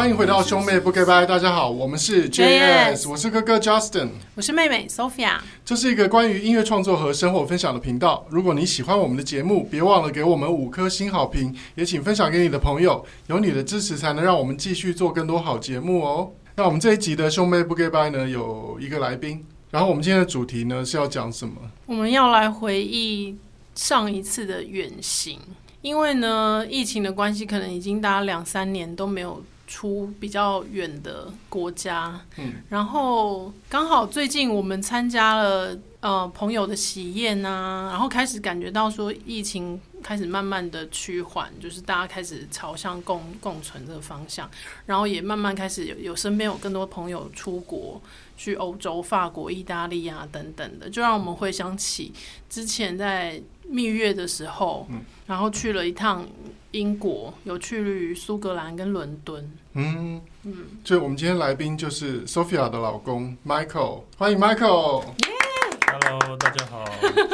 歡迎回到兄妹不給拜」是大家好，我們是 JS，我是哥哥 Justin，我是妹妹 Sophia。這是一個關於音樂創作和生活分享的頻道。如果你喜歡我們的節目，別忘了給我們五顆星好評，也請分享給你的朋友。有你的支持，才能讓我們繼續做更多好節目哦。那我們這一集的兄妹不給拜」呢？有一個來賓，然後我們今天的主題呢是要講什麼？我們要來回憶上一次的遠行，因為呢，疫情的關係，可能已經大家兩三年都沒有。出比較遠的國家，嗯，然後剛好最近我們參加了呃朋友的喜宴啊，然後開始感覺到說疫情開始慢慢的趨緩，就是大家開始朝向共共存的方向，然後也慢慢開始有有身邊有更多朋友出國去歐洲、法國、意大利啊等等的，就讓我們回想起之前在。蜜月的時候，然後去了一趟英國，有去蘇格蘭跟倫敦。嗯嗯，所以我們今天來賓就是 Sophia 的老公 Michael，歡迎 Michael。Yeah! Hello，大家好。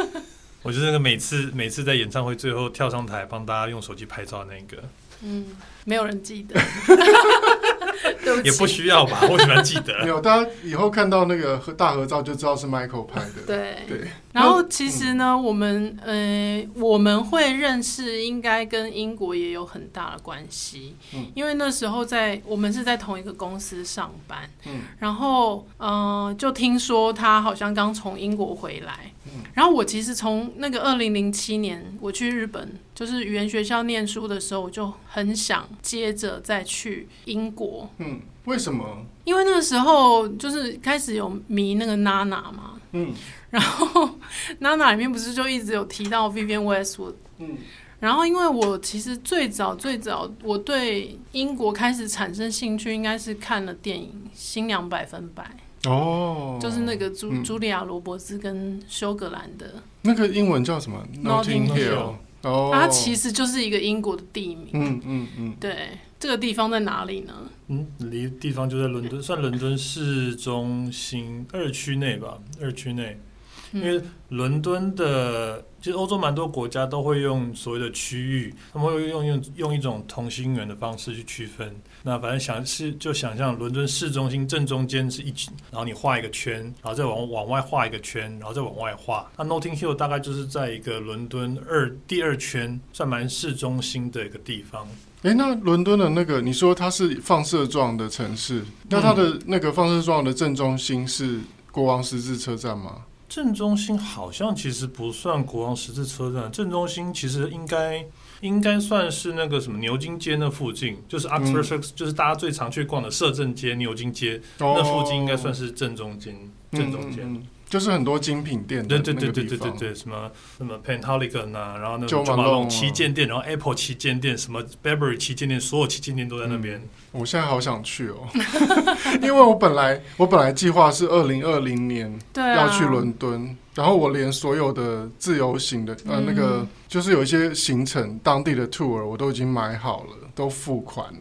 我就是那個每次每次在演唱會最後跳上台幫大家用手機拍照那個。 嗯，沒有人記得。 不起也不需要吧？我喜歡記得？ 有，大家以後看到那個大合照就知道是 Michael 拍的。對對。對然後其實呢，嗯、我們呃我們會認識，應該跟英國也有很大的關係。嗯、因為那時候在我們是在同一個公司上班。嗯、然後嗯、呃，就聽說他好像剛從英國回來。嗯、然後我其實從那個二零零七年、嗯、我去日本。就是語言學校念書的時候，我就很想接着再去英國。嗯，為什麼？因為那個時候就是開始有迷那個娜娜嘛。嗯。然後娜娜裡面不是就一直有提到 Vivian Westwood。嗯。然後，因為我其實最早最早我對英國開始產生興趣，應該是看了電影《新娘百分百》哦，就是那個茱、嗯、茱莉亞羅伯斯跟修格蘭的。那個英文叫什麼？Notting Hill。Oh. 它其實就是一個英國的地名。嗯嗯嗯，嗯嗯對，這個地方在哪裡呢？嗯，離地方就在倫敦，對算倫敦市中心二區內吧，二區內。因為倫敦的，其實歐洲蠻多國家都會用所謂的區域，他們會用用用一種同心圓的方式去區分。那反正想是就想象倫敦市中心正中間是一，然後你畫一個圈，然後再往往外畫一個圈，然後再往外畫。那 Notting Hill 大概就是在一個倫敦二第二圈，算蠻市中心的一個地方。哎、欸，那倫敦的那個你說它是放射狀的城市，那它的那個放射狀的正中心是國王十字車站嗎？嗯正中心好像其實不算國王十字車站，正中心其實應該應該算是那個什麼牛津街那附近，就是 a p t e r s,、嗯、 就是大家最常去逛的攝政街、牛津街、哦、那附近，應該算是正中間，正中間。嗯嗯就是很多精品店那，對對對對對對對，什麼什麼 Penhaligon's 啊，然後那就 Jo Malone 旗艦店，然後 Apple 旗艦店，什麼 Burberry 旗艦店，所有旗艦店都在那邊。嗯、我現在好想去哦， 因為我本來我本來計劃是二零二零年，對 要去倫敦，啊、然後我連所有的自由行的呃、嗯、那個就是有一些行程當地的 tour 我都已經買好了，都付款了，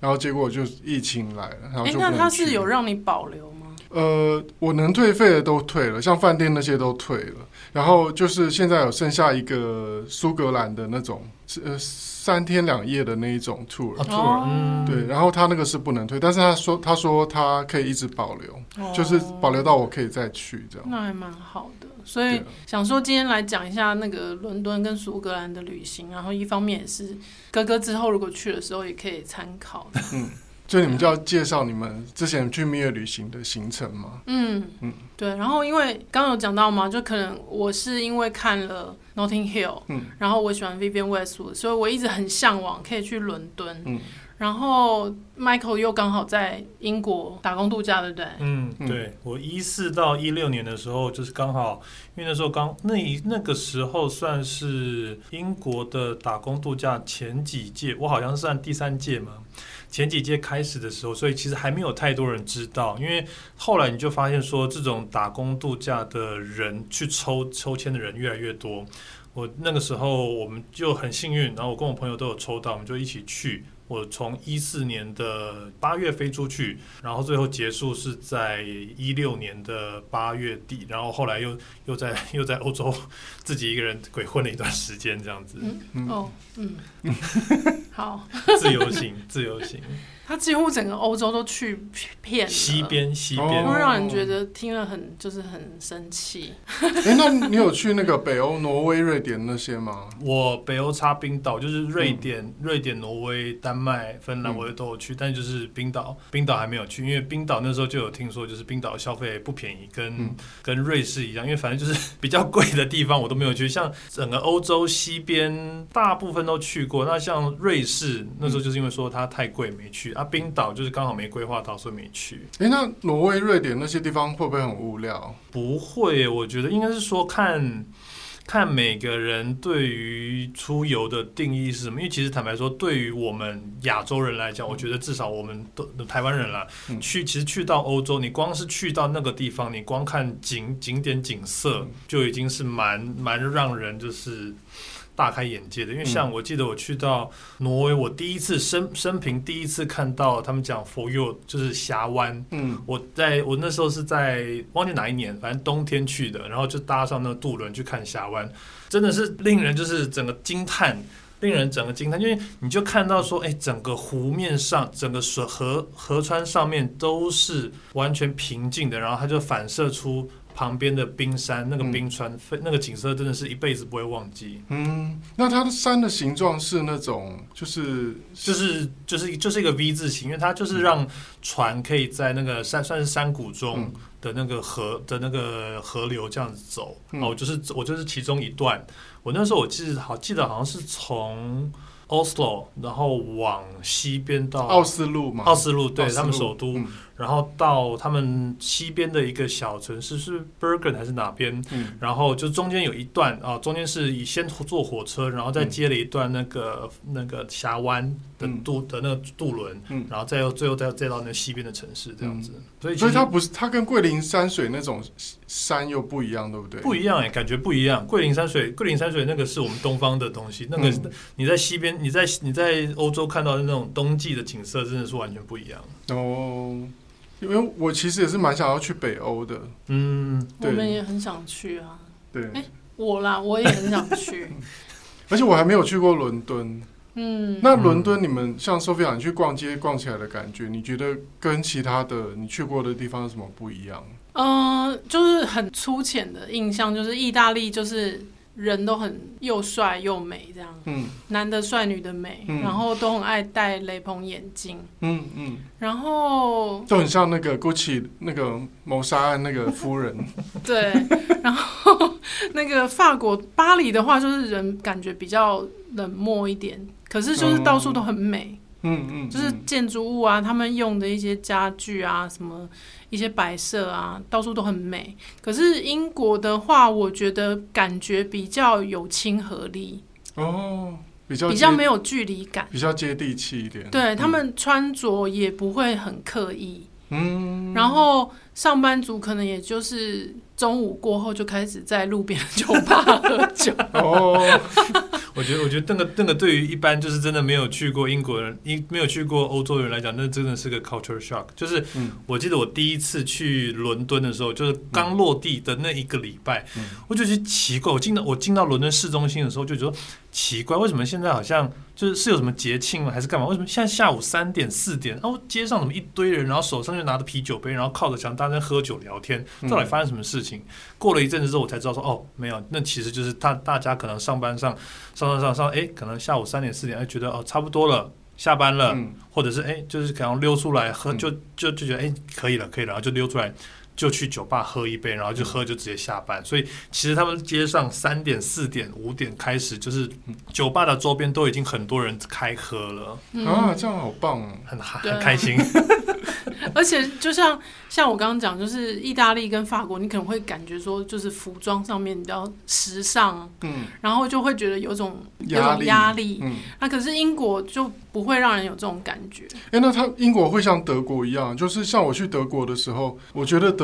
然後結果就疫情來了，然後那他是有讓你保留？呃，我能退費的都退了，像飯店那些都退了。然後就是現在有剩下一個蘇格蘭的那種，呃，三天兩夜的那一種 tour, 啊 tour，啊 tour，嗯，對。然後他那個是不能退，但是他說他說他可以一直保留，哦、就是保留到我可以再去這樣。那還蠻好的，所以對想說今天來講一下那個倫敦跟蘇格蘭的旅行，然後一方面也是哥哥之後如果去的時候也可以參考的。嗯。所以你們就要介紹你們之前去蜜月旅行的行程嗎？嗯嗯，嗯對。然後因為剛剛有講到嘛，就可能我是因為看了 Notting Hill，嗯，然後我喜歡 Vivian Westwood，所以我一直很嚮往可以去倫敦，嗯。然後 Michael 又剛好在英國打工度假，對不對？嗯，對。我一四到一六年的時候，就是剛好因為那時候剛那一那個時候算是英國的打工度假前幾屆，我好像是算第三屆嘛。前幾屆開始的時候，所以其實還沒有太多人知道，因為後來你就發現說，這種打工度假的人去抽抽籤的人越來越多。我那個時候我們就很幸運，然後我跟我朋友都有抽到，我們就一起去。我從一四年的八月飛出去，然後最後結束是在一六年的八月底，然後後來又又在又在歐洲自己一個人鬼混了一段時間，這樣子。嗯嗯嗯，哦、嗯 好，自由行，自由行。 他幾乎整個歐洲都去遍了西邊，西邊、哦、會讓人覺得聽了很就是很生氣。哎，那你有去那個北歐、挪威、瑞典那些嗎？我北歐差冰島，就是瑞典、嗯、瑞典、挪威、丹麥、芬蘭，我也都有去，嗯、但就是冰島，冰島還沒有去，因為冰島那時候就有聽說，就是冰島消費不便宜，跟、嗯、跟瑞士一樣，因為反正就是比較貴的地方我都沒有去，像整個歐洲西邊大部分都去過，那像瑞士那時候就是因為說它太貴沒去。啊，冰島就是剛好沒規劃到，所以沒去。誒、欸，那挪威、瑞典那些地方會不會很無聊？嗯、不會，我覺得應該是說看，看每個人對於出遊的定義是什麼。因為其實坦白說，對於我們亞洲人來講，嗯、我覺得至少我們都台灣人啦，嗯、去其實去到歐洲，你光是去到那個地方，你光看景景點、景色、嗯、就已經是蠻蠻讓人就是。大開眼界的，因為像我記得我去到挪威，我第一次生生平第一次看到他們講 fjord 就是峽灣。嗯，我在我那時候是在忘記哪一年，反正冬天去的，然後就搭上那個渡輪去看峽灣，真的是令人就是整個驚嘆，令人整個驚嘆，因為你就看到說，哎、欸，整個湖面上，整個水河河川上面都是完全平靜的，然後它就反射出，旁邊的冰山，那個冰川，嗯、那個景色真的是一輩子不會忘記。嗯，那它的山的形狀是那種、就是就是，就是就是就是就是一個 V 字形，因為它就是讓船可以在那個山、嗯、算是山谷中的那個河、嗯、的那個河流這樣子走。嗯、哦，就是我就是其中一段。我那時候我記得好記得好像是從 Oslo，然後往西邊到奧斯陸嘛，奧斯陸對，他們首都。嗯然後到他們西邊的一個小城市是 Bergen 還是哪邊？嗯、然後就中間有一段啊，中間是以先坐火車，然後再接了一段那個、嗯、那個峽灣的渡、嗯、的那個渡輪，嗯、然後再又最後再再到那個西邊的城市這樣子。嗯、所以所以它不是它跟桂林山水那種山又不一樣，對不對？不一樣哎、欸，感覺不一樣。桂林山水，桂林山水那個是我們東方的東西，那個、嗯、你在西邊，你在你在歐洲看到的那種冬季的景色，真的是完全不一樣哦。因為我其實也是蠻想要去北歐的，嗯，對我們也很想去啊，對，哎、欸，我啦，我也很想去， 而且我還沒有去過倫敦，嗯，那倫敦你們像 Sofia，你去逛街逛起來的感覺，你覺得跟其他的你去過的地方有什麼不一樣？嗯、呃，就是很粗淺的印象，就是意大利就是。人都很又帥又美，這樣，嗯、男的帥，女的美，嗯、然後都很愛戴雷朋眼鏡，嗯嗯，嗯然後就很像那個 Gucci 那個謀殺案那個夫人， 對， 然後那個法國巴黎的話，就是人感覺比較冷漠一點，可是就是到處都很美。嗯嗯嗯，嗯就是建築物啊，嗯、他們用的一些家具啊，什麼一些擺設啊，到處都很美。可是英國的話，我覺得感覺比較有親和力哦，比較比較沒有距離感，比較接地氣一點。嗯、對，他們穿着也不會很刻意，嗯，然後。上班族可能也就是中午過後就開始在路邊酒吧喝酒。 哦，我覺得，我覺得那個那個對於一般就是真的沒有去過英國人，英沒有去過歐洲人來講，那真的是個 culture shock。就是，我記得我第一次去倫敦的時候，就是剛落地的那一個禮拜，嗯、我就覺得奇怪。我進到我進到倫敦市中心的時候，就覺得奇怪，為什麼現在好像就是是有什麼節慶嗎？還是幹嘛？為什麼現在下午三點四點，哦、啊，街上怎麼一堆人，然後手上就拿着啤酒杯，然後靠着牆打。他生喝酒聊天，到底發生什麼事情？嗯、過了一陣子之後，我才知道說哦，沒有，那其實就是大大家可能上班上上上上上，哎、欸，可能下午三點四點，哎、欸，覺得哦差不多了，下班了，嗯、或者是哎、欸，就是可能溜出來喝，就就就覺得哎、欸，可以了，可以了，然後就溜出來。就去酒吧喝一杯，然後就喝就直接下班。嗯、所以其實他們街上三點、四點、五點開始，就是酒吧的周邊都已經很多人開喝了、嗯、啊，這樣好棒、啊，很對很開心。 而且就像像我剛剛講，就是意大利跟法國，你可能會感覺說，就是服裝上面比較時尚，嗯，然後就會覺得有種力有種壓力，嗯。那、啊、可是英國就不會讓人有這種感覺。哎、欸，那他英國會像德國一樣？就是像我去德國的時候，我覺得德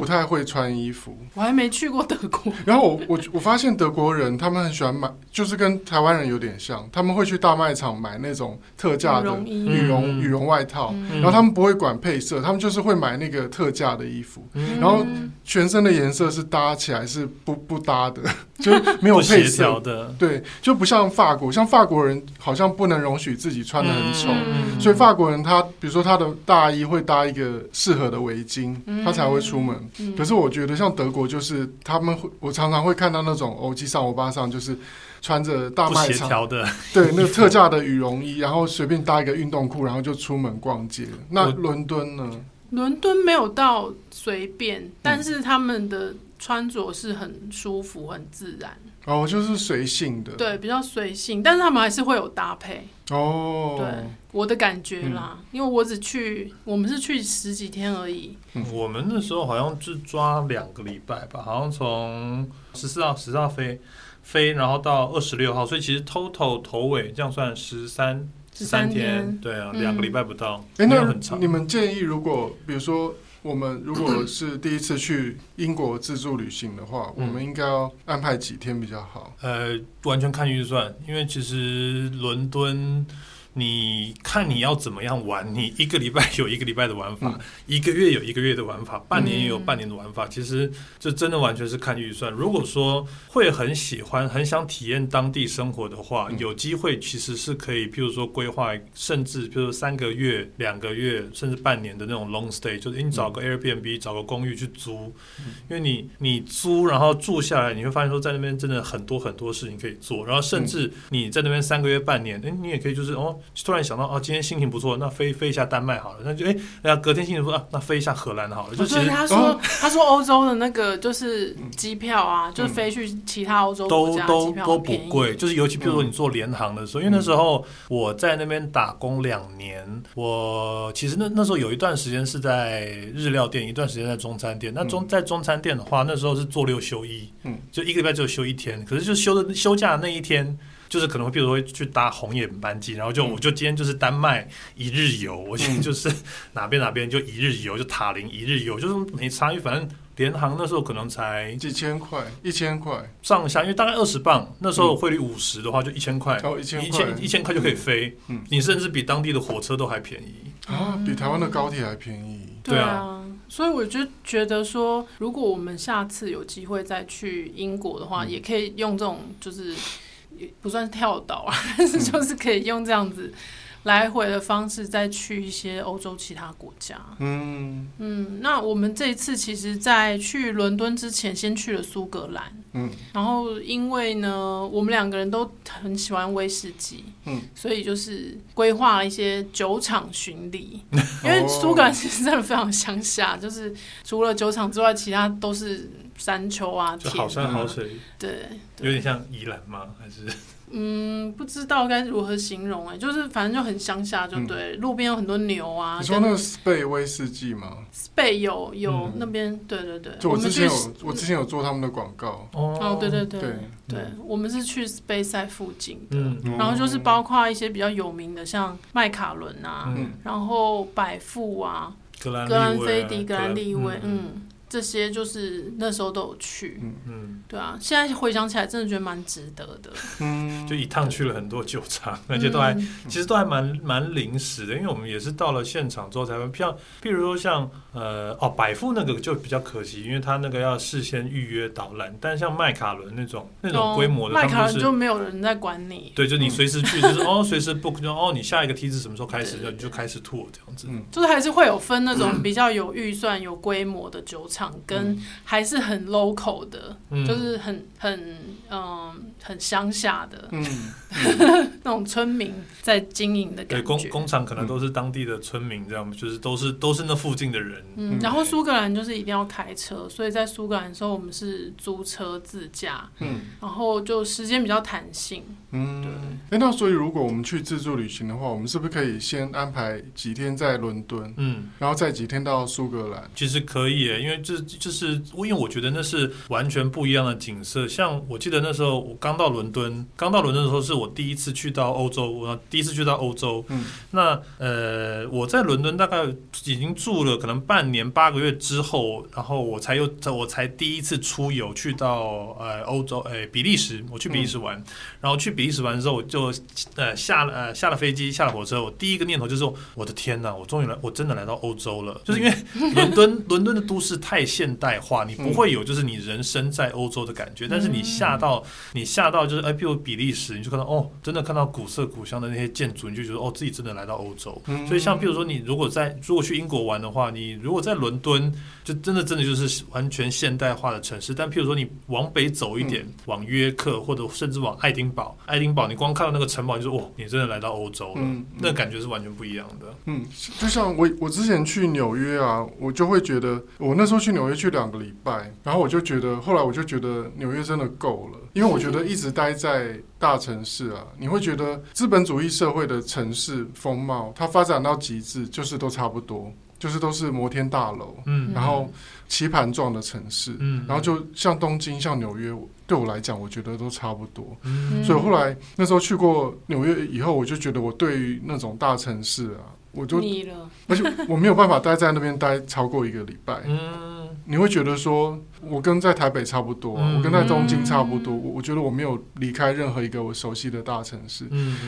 不太會穿衣服，我還沒去過德國。然後我我我發現德國人他們很喜歡買，就是跟台灣人有點像，他們會去大賣場買那種特價的羽絨羽絨外套，嗯、然後他們不會管配色，他們就是會買那個特價的衣服，嗯、然後全身的顏色是搭起來是不不搭的，就是沒有配色的，對，就不像法國，像法國人好像不能容許自己穿的很醜，嗯、所以法國人他比如說他的大衣會搭一個適合的圍巾，他才會出門。嗯、可是我覺得像德國，就是他們會，我常常會看到那種歐吉桑歐巴桑，就是穿着大賣場的，對，那個特價的羽絨衣，然後隨便搭一個運動褲，然後就出門逛街。那倫敦呢？哦，倫敦沒有到隨便，但是他們的穿着是很舒服、很自然。嗯、哦，就是隨性的，對，比較隨性，但是他們還是會有搭配。哦，對。我的感覺啦，嗯、因為我只去，我們是去十幾天而已。我們那時候好像只抓兩個禮拜吧，好像從十四號、十四號飛，飛然後到二十六號，所以其實 total 頭尾這樣算十三三天，對啊，兩、嗯、個禮拜不到。欸、很長。你們建議，如果比如說我們如果是第一次去英國自助旅行的話，咳咳我們應該要安排幾天比較好？呃，完全看預算，因為其實倫敦。你看你要怎麼樣玩？你一個禮拜有一個禮拜的玩法，一個月有一個月的玩法，半年也有半年的玩法。其實這真的完全是看預算。如果說會很喜歡、很想體驗當地生活的話，有機會其實是可以，譬如說規劃，甚至譬如說三個月、兩個月，甚至半年的那種 long stay，就是你找個 Airbnb，找個公寓去租。因為你你租然後住下來，你會發現說在那邊真的很多很多事情可以做。然後甚至你在那邊三個月、半年，誒，你也可以就是哦。突然想到，哦、啊，今天心情不錯，那飛飛一下丹麥好了。那就哎，哎、欸、隔天心情不錯啊，那飛一下荷蘭好了。就是、哦、他說、哦、他說歐洲的那個就是機票啊，嗯、就是飛去其他歐洲國家都都機票都不貴，就是尤其比如說你坐廉航的時候，嗯、因為那時候我在那邊打工兩年，我其實那那時候有一段時間是在日料店，一段時間在中餐店。那中、嗯、在中餐店的話，那時候是做六休一，嗯，就一個禮拜只有休一天，可是就休的休假的那一天。就是可能，比如說去搭紅眼班機，然後就我就今天就是丹麥一日遊，我今天就是哪邊哪邊就一日遊，就塔林一日遊，就是沒差。反正聯航那時候可能才幾千塊，一千塊上下，因為大概二十磅，那時候匯率五十的話就一千塊，一千一千塊就可以飛。嗯嗯、你甚至比當地的火車都還便宜啊，比台灣的高鐵還便宜、嗯。對啊，所以我就覺得說，如果我們下次有機會再去英國的話，嗯、也可以用這種就是。也不算跳島啊，但是就是可以用這樣子。來回的方式，再去一些歐洲其他國家。嗯嗯，那我們這一次其實，在去倫敦之前，先去了蘇格蘭。嗯，然後因為呢，我們兩個人都很喜歡威士忌。嗯，所以就是規劃了一些酒廠巡禮。嗯，因為蘇格蘭其實真的非常鄉下， 就是除了酒廠之外，其他都是山丘啊，就好山好水。對，對。有點像宜蘭嗎？還是？嗯，不知道該如何形容哎，就是反正就很鄉下，就對，路邊有很多牛啊。你說那個斯貝威士忌嗎？斯貝有有那邊，對對對。我之前有，我之前有做他們的廣告哦，對對對對，我們是去斯貝塞附近的，然後就是包括一些比較有名的，像麥卡倫啊，然後百富啊，格格蘭菲迪、格蘭利威，嗯。這些就是那時候都有去，嗯嗯，對啊，現在回想起來真的覺得蠻值得的。嗯，就一趟去了很多酒廠，而且都還其實都還蠻蠻臨時的，因為我們也是到了現場之後才會票。譬如說像呃哦百富那個就比較可惜，因為他那個要事先預約導覽。但像麥卡倫那種那種規模的，麥卡倫就沒有人在管你，對，就你隨時去，就是哦隨時 book 就哦你下一個梯子什麼時候開始的，你就開始 tour 這樣子。就是還是會有分那種比較有預算、有規模的酒廠。廠跟還是很 local 的，嗯、就是很很嗯、呃、很鄉下的，嗯，嗯 那種村民在經營的感覺。對工工廠可能都是當地的村民，這樣、嗯、就是都是都是那附近的人。嗯，嗯，然後蘇格蘭就是一定要開車，所以在蘇格蘭的時候，我們是租車自駕，嗯，然後就時間比較彈性。嗯，對、欸。那所以如果我們去自助旅行的話，我們是不是可以先安排幾天在倫敦，嗯，然後再幾天到蘇格蘭？其實可以誒，因為就是就是因為我覺得那是完全不一樣的景色。像我記得那時候我剛到倫敦，剛到倫敦的時候是我第一次去到歐洲，我第一次去到歐洲。那呃我在倫敦大概已經住了可能半年八個月之後，然後我才又我才第一次出遊去到呃歐洲、呃，哎比利時，我去比利時玩，然後去比利時玩之後，我就呃下了呃下了飛機下了火車，我第一個念頭就是我的天哪，我終於來我真的來到歐洲了，就是因為倫 敦倫敦的都市太。太現代化，你不會有就是你人生在歐洲的感覺。嗯、但是你下到你下到就是哎，比如比利時，你就看到哦，真的看到古色古香的那些建築，你就覺得哦，自己真的來到歐洲。嗯、所以像比如說你如果在如果去英國玩的話，你如果在倫敦。就真的真的就是完全現代化的城市，但譬如說你往北走一點，嗯、往約克或者甚至往愛丁堡，愛丁堡你光看到那個城堡你就說，就是哦，你真的來到歐洲了，嗯嗯、那感覺是完全不一樣的。嗯，就像我我之前去紐約啊，我就會覺得，我那時候去紐約去兩個禮拜，然後我就覺得，後來我就覺得紐約真的夠了，因為我覺得一直待在大城市啊，嗯、你會覺得資本主義社會的城市風貌，它發展到極致就是都差不多。就是都是摩天大樓，嗯、然後棋盤狀的城市，嗯、然後就像東京、像紐約，對我來講，我覺得都差不多。嗯、所以後來那時候去過紐約以後，我就覺得我對於那種大城市啊。我就，而且我沒有辦法待在那邊待超過一個禮拜。你會覺得說，我跟在台北差不多，啊，我跟在東京差不多。我覺得我沒有離開任何一個我熟悉的大城市。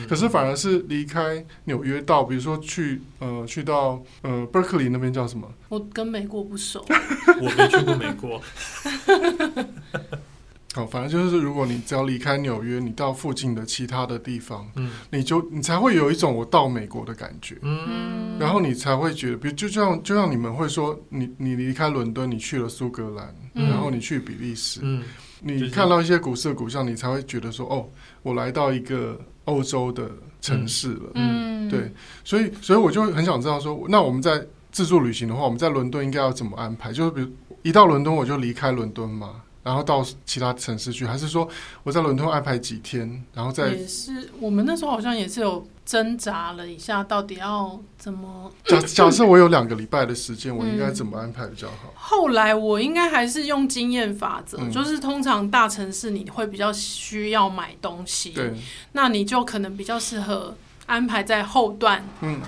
可是反而是離開紐約到，比如說去呃去到呃伯克利那邊叫什麼？我跟美國不熟。我沒去過美國。 好、哦，反正就是，如果你只要離開紐約，你到附近的其他的地方，嗯、你就你才會有一種我到美國的感覺，嗯，然後你才會覺得，比如就像就像你們會說，你你離開倫敦，你去了蘇格蘭，嗯、然後你去比利時，嗯，嗯你看到一些古色古香，你才會覺得說，哦，我來到一個歐洲的城市了，嗯，嗯對，所以所以我就很想知道說，那我們在自助旅行的話，我們在倫敦應該要怎麼安排？就是比如一到倫敦我就離開倫敦嗎？然後到其他城市去，還是說我在倫敦安排幾天，然後再也是我們那時候好像也是有掙扎了一下，到底要怎麼假、嗯、假設我有兩個禮拜的時間，嗯、我應該怎麼安排比較好？後來我應該還是用經驗法則，嗯、就是通常大城市你會比較需要買東西，對，那你就可能比較適合安排在後段，嗯。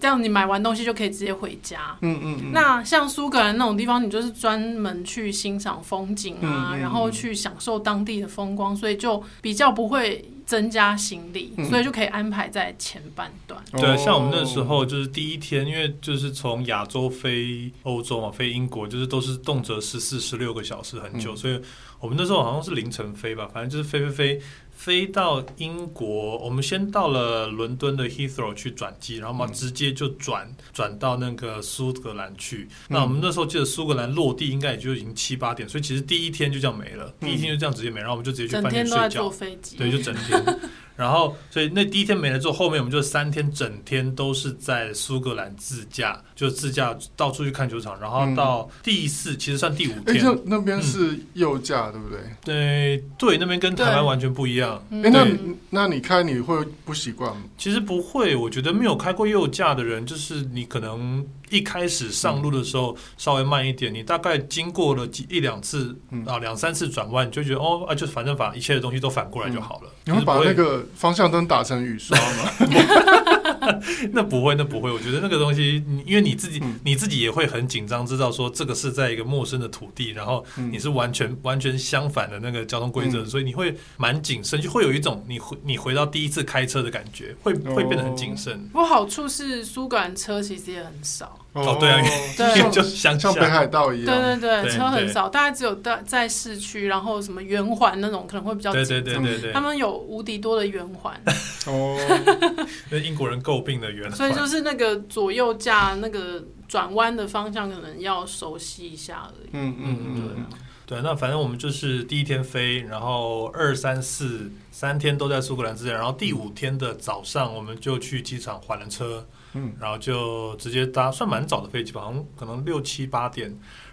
這樣你買完東西就可以直接回家。嗯嗯。嗯嗯，那像蘇格蘭那種地方，你就是專門去欣賞風景啊，嗯嗯、然後去享受當地的風光，所以就比較不會增加行李，嗯、所以就可以安排在前半段。對，哦、像我們那時候就是第一天，因為就是從亞洲飛歐洲嘛，飛英國就是都是動輒是十四、十六個小時很久，嗯、所以我們那時候好像是凌晨飛吧，反正就是飛飛飛。飛到英國，我們先到了倫敦的 Heathrow 去轉機，然後嘛直接就轉轉、嗯、到那個蘇格蘭去。嗯、那我們那時候記得蘇格蘭落地應該也就已經七八點，所以其實第一天就這樣沒了，嗯、第一天就這樣直接沒了，然後我們就直接去飯店睡覺。整天都在坐飛機。對，就整天。 然後，所以那第一天沒了之後，後面我們就三天整天都是在蘇格蘭自駕，就自駕到處去看球場。然後到第四，嗯、其實算第五天。哎，就那邊是右駕，對不、嗯、對？對對，那邊跟台灣完全不一樣。對那那你開你會不習慣嗎？其實不會，我覺得沒有開過右駕的人，就是你可能。一開始上路的時候稍微慢一點，你大概經過了幾一兩次啊兩三次轉彎，你就覺得哦啊，就反正把一切的東西都反過來就好了。你、嗯、會把那個方向燈打成雨刷嗎？ 那不會，那不會。我覺得那個東西，因為你自己你自己也會很緊張，知道說這個是在一個陌生的土地，然後你是完全完全相反的那個交通規則，所以你會蠻謹慎，就會有一種你回你回到第一次開車的感覺，會會變得很謹慎。哦、不過好處是，蘇格蘭車其實也很少。哦，對啊，對，就像像北海道一樣，對對對，車很少，大概只有在在市區，然後什麼圓環那種可能會比較，對對對對對，他們有無敵多的圓環，哦，被英國人詬病的圓，所以就是那個左右駕那個轉彎的方向可能要熟悉一下而已，嗯嗯嗯，對對，那反正我們就是第一天飛，然後二三四三天都在蘇格蘭之間，然後第五天的早上我們就去機場換了車。嗯、然後就直接搭算蠻早的飛機吧，好像可能六七八點，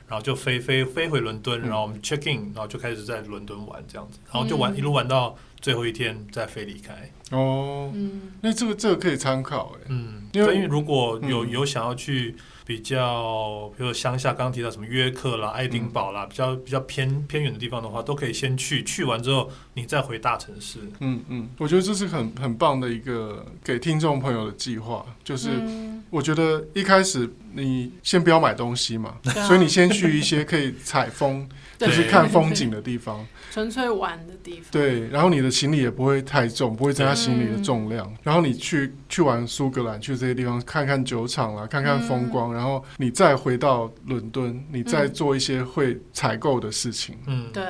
然後就飛飛飛回倫敦，嗯、然後我們 check in，然後就開始在倫敦玩這樣子，然後就玩、嗯、一路玩到最後一天再飛離開。哦，嗯，那這個這個可以參考哎，嗯，因為因為如果有、嗯、有想要去。比較，比如鄉下，剛剛提到什麼約克啦、愛丁堡啦，嗯、比較比較偏偏遠的地方的話，都可以先去，去完之後你再回大城市。嗯嗯，我覺得這是很很棒的一個給聽眾朋友的計劃，就是我覺得一開始你先不要買東西嘛，嗯、所以你先去一些可以採風。 對就是看風景的地方，純粹玩的地方。對，然後你的行李也不會太重，不會增加行李的重量。嗯、然後你去去玩蘇格蘭，去這些地方看看酒廠了、啊，看看風光。嗯、然後你再回到倫敦，你再做一些會採購的事情。嗯，對。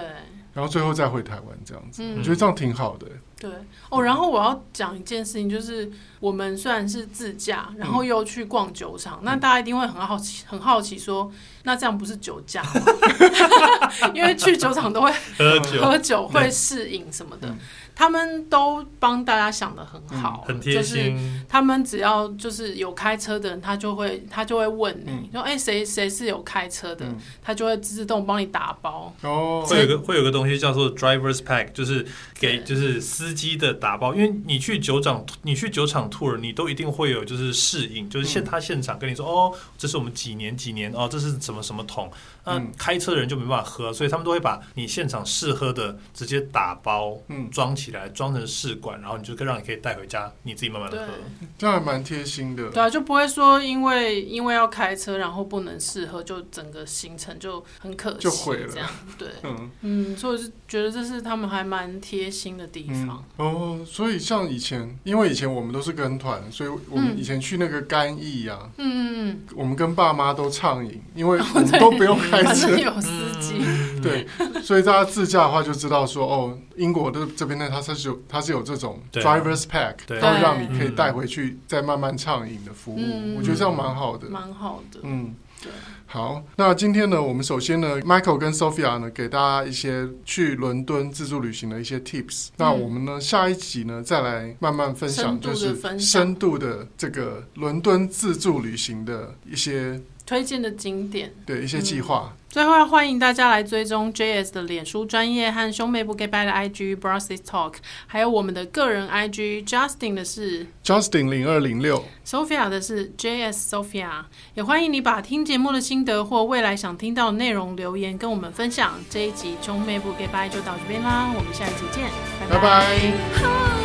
然後最後再回台灣這樣子，我覺得這樣挺好的、欸。對哦，然後我要講一件事情就是。我們雖然是自駕，然後又去逛酒廠，那大家一定會很好奇，很好奇說，那這樣不是酒駕嗎？因為去酒廠都會喝酒，喝酒會試飲什麼的，他們都幫大家想的很好，很貼心。就是他們只要就是有開車的人，他就會他就會問你說，哎，誰誰是有開車的？他就會自動幫你打包。哦，會有個會有個東西叫做 driver's pack，就是給就是司機的打包，因為你去酒廠，你去酒廠。你都一定會有，就是適應，就是現、嗯、他現場跟你說，哦，這是我們幾年幾年哦，這是什麼什麼桶，啊、嗯，開車的人就沒辦法喝，所以他們都會把你現場試喝的直接打包，嗯，裝起來，裝成試管，然後你就讓你可以帶回家，你自己慢慢的喝，對這樣還蠻貼心的，對啊，就不會說因為因為要開車，然後不能試喝，就整個行程就很可惜，就毀了。這樣，毀 對，嗯嗯，所以我就覺得這是他們還蠻貼心的地方、嗯、哦，所以像以前，因為以前我們都是跟跟團，所以我們以前去那個甘邑啊。嗯，我們跟爸媽都暢飲，嗯、因為我們都不用開車，有司機 對，所以大家自駕的話就知道說哦，英國的這邊呢，它是有它是有這種 drivers pack，對它會讓你可以帶回去再慢慢暢飲的服務，對我覺得這樣蠻好的，嗯、蠻好的，嗯，對。好，那今天呢，我們首先呢，Michael 跟 Sophia 呢，給大家一些去倫敦自助旅行的一些 tips，嗯。那我們呢，下一集呢，再來慢慢分享，就是深度的這個倫敦自助旅行的一些推薦的景點，對，一些計劃。嗯。最後，歡迎大家來追蹤 J S 的臉書專頁和兄妹不 goodbye 的 I G b r a s s e s talk，還有我們的個人 I G Justin 的是 Justin 零二零六，Sophia 的是 J S Sophia。也歡迎你把聽節目的心得或未來想聽到的內容留言跟我們分享。這一集兄妹不 goodbye 就到這邊啦，我們下一集見，拜拜。拜拜